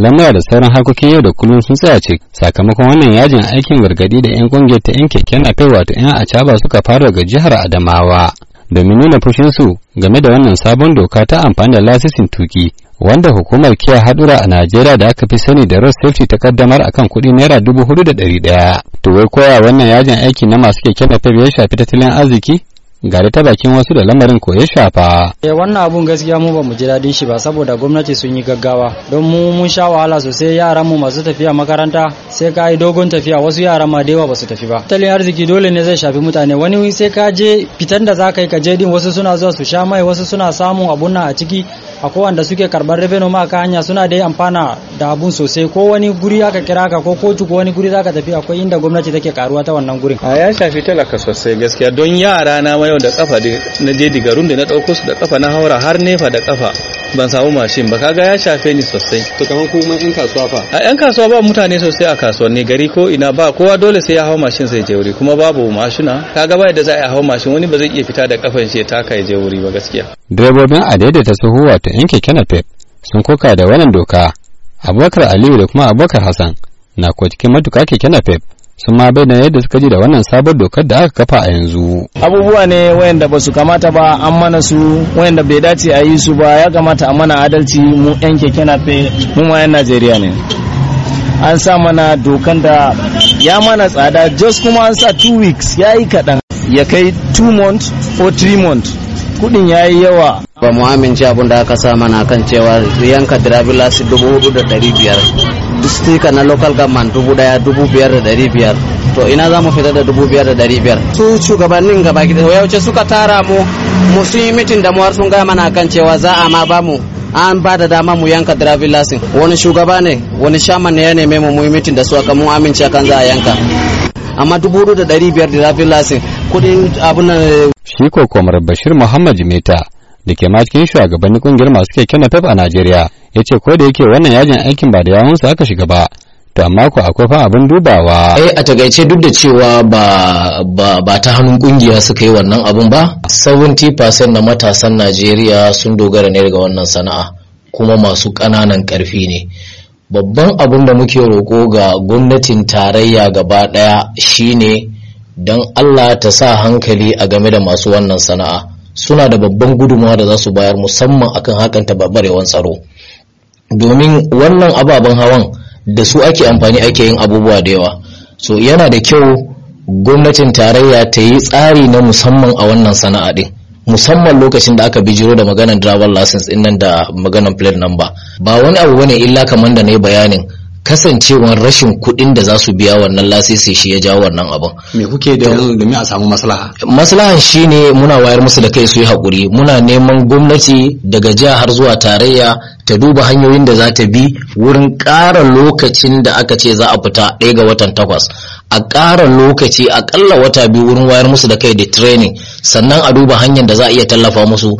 lamura da sauran harkokin yau da kullum sun tsaya ce sakamakon wannan yajin aikin gargadi da 'yan kungiyar ta 'yan keke na kai wato 'yan acaba suka fara ga jihar adamawa domin nuna fushinsu game da wannan sabon doka ta amfani da lasisin tuki wanda hukumar kiya hadura a Najeriya da aka fi sani da road safety ta kaddamar akan kuɗi naira dubu hudu da ɗari ɗaya. To wai koya wannan yajin aiki na masu keke na ya shafi tattalin arziki? gari ta bakin wasu da lamarin ko ya shafa. Eh wannan abun gaskiya mu ba mu ji dadin shi ba saboda gwamnati sun yi gaggawa don mu mun sha wahala sosai yaran mu masu tafiya makaranta sai ka yi dogon tafiya wasu yaran ma da yawa ba su tafi ba. Tattalin arziki dole ne zai shafi mutane wani sai ka je fitan da za ka yi ka je din wasu suna zuwa su sha mai wasu suna samun abun nan a ciki akwai wanda suke karbar revenue ma aka hanya suna dai amfana da abun sosai ko wani guri aka kira ka ko kotu ko wani guri zaka tafi akwai inda gwamnati take karuwa ta wannan gurin a ya shafi talaka sosai gaskiya don yara na mayau da kafa na je digarun da na ɗauko su da kafa na haura har nefa da kafa ban samu mashin ba kaga ya shafe ni sosai to kamar kuma yan kasuwa fa a yan kasuwa ba mutane sosai a kasuwanni gari ko ina ba kowa dole sai ya hau mashin sai je wuri kuma babu mashina kaga ba yadda za a hau mashin wani ba zai iya fita da kafan shi ya taka ya je wuri ba gaskiya direbobin a ta sahu wato yan keke sun koka da wannan doka abubakar aliyu da kuma abubakar hassan na ko cikin matuka ke napep sun ma bayyana yadda suka ji da wannan sabon dokar da aka kafa a yanzu. Abubuwa ne wayanda ba su kamata ba an mana su wayanda bai dace a yi su ba ya kamata a mana adalci mu yan keke nafe mu ma yan Najeriya ne. An sa mana dokan da ya mana tsada just kuma an sa two weeks ya yi kaɗan ya kai two months or three months kudin ya yi yawa. Ba mu amince abin da aka sa mana kan cewa yanka dirabila su dubu hudu da dari biyar distrika na local government dubu daya dubu biyar da dari biyar to ina za mu fitar da dubu biyar da dari biyar su shugabannin gaba gida yauce suka tara mu mu sun yi mitin da mu sun gaya mana kan cewa za a ma ba mu an ba da dama mu yanka driving license wani shugaba ne wani shaman ne ya neme mu mu yi mitin da su akan mun amince kan za a yanka amma dubu da dari biyar driving license kudin abun nan shi ko komar bashir muhammad jimeta da ke ma cikin shugabannin kungiyar masu keke na a najeriya ya ce ko da yake wannan yajin aikin ba da yawunsa aka shiga ba to amma ko akwai fa abin dubawa eh a takaice duk da cewa ba ba, ba ta hannun kungiya suka yi wannan abun ba 70% na matasan Najeriya sun dogara ne daga wannan sana'a kuma masu ƙananan ƙarfi ne babban abin da muke roƙo ga gwamnatin tarayya gaba ɗaya shine don Allah ta sa hankali a game da masu wannan sana'a suna da babban gudunmawa da za su bayar musamman akan hakanta barbarewan tsaro domin wannan ababen hawan da su ake amfani ake yin abubuwa da yawa so yana da kyau gwamnatin tarayya ta yi tsari na musamman a wannan sana'a din musamman lokacin da aka bijiro da maganar driver license din nan da maganar plate number ba wani abu bane illa kamar da na yi bayanin kasancewar rashin kuɗin da za su biya wannan lasisi shi ya ja wannan abin. Me kuke da me a samu maslaha? Maslahan shi muna wayar musu da kai su yi hakuri, muna neman gwamnati daga har zuwa tarayya ta duba hanyoyin da za ta bi wurin ƙara lokacin da aka ce za a fita ɗaya ga watan takwas a ƙara lokaci aƙalla wata biyu wurin wayar musu da kai da training sannan a duba hanyar da za a iya tallafa musu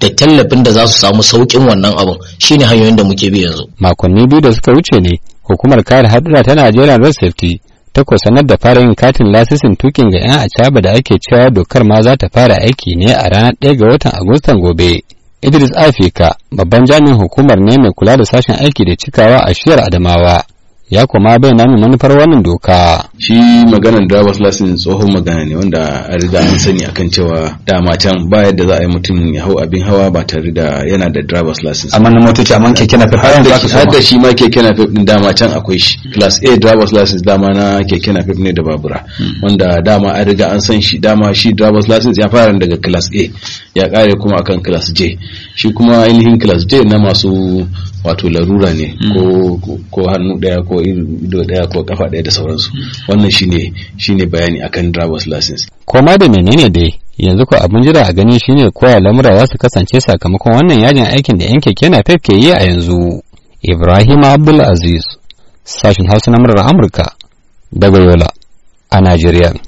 da tallafin da za su samu sauƙin wannan abin shine hanyoyin da muke bi yanzu. Makonni biyu da suka wuce ne hukumar kare hadura ta Najeriya Road Safety ta ko sanar da fara yin katin lasisin tukin ga 'yan acaba da ake cewa dokar ma za ta fara aiki ne a ranar 1 ga watan Agustan gobe. Idris Afika, babban jami'in hukumar ne mai kula da sashen aiki da cikawa a shiyar Adamawa, ya kuma bayyana min manufar wannan doka. Shi maganar driver's license tsohon magana ne wanda a riga an sani akan cewa da can ba yadda za a yi mutum ya hau abin hawa ba tare da yana da driver's license. Amma na motoci amma keke na har yanzu aka Har da shi ma keke na fifa dama can akwai shi. Hmm. Class A driver's license dama na keke na ne da babura. Hmm. Wanda dama a riga an san shi dama shi driver's license ya fara daga class A ya kare kuma akan class J. Shi kuma ainihin class J na masu wato larura ne hmm. ko hannu daya ko ido daya ko kafa daya da sauransu wannan shine shine bayani akan driver's license koma da menene dai yanzu ko abin jira a gani shine koya lamura za su kasance sakamakon wannan yajin aikin da yanke keke na ke yi a yanzu ibrahim abdul aziz sashin hausa na murar amurka daga yola a najeriya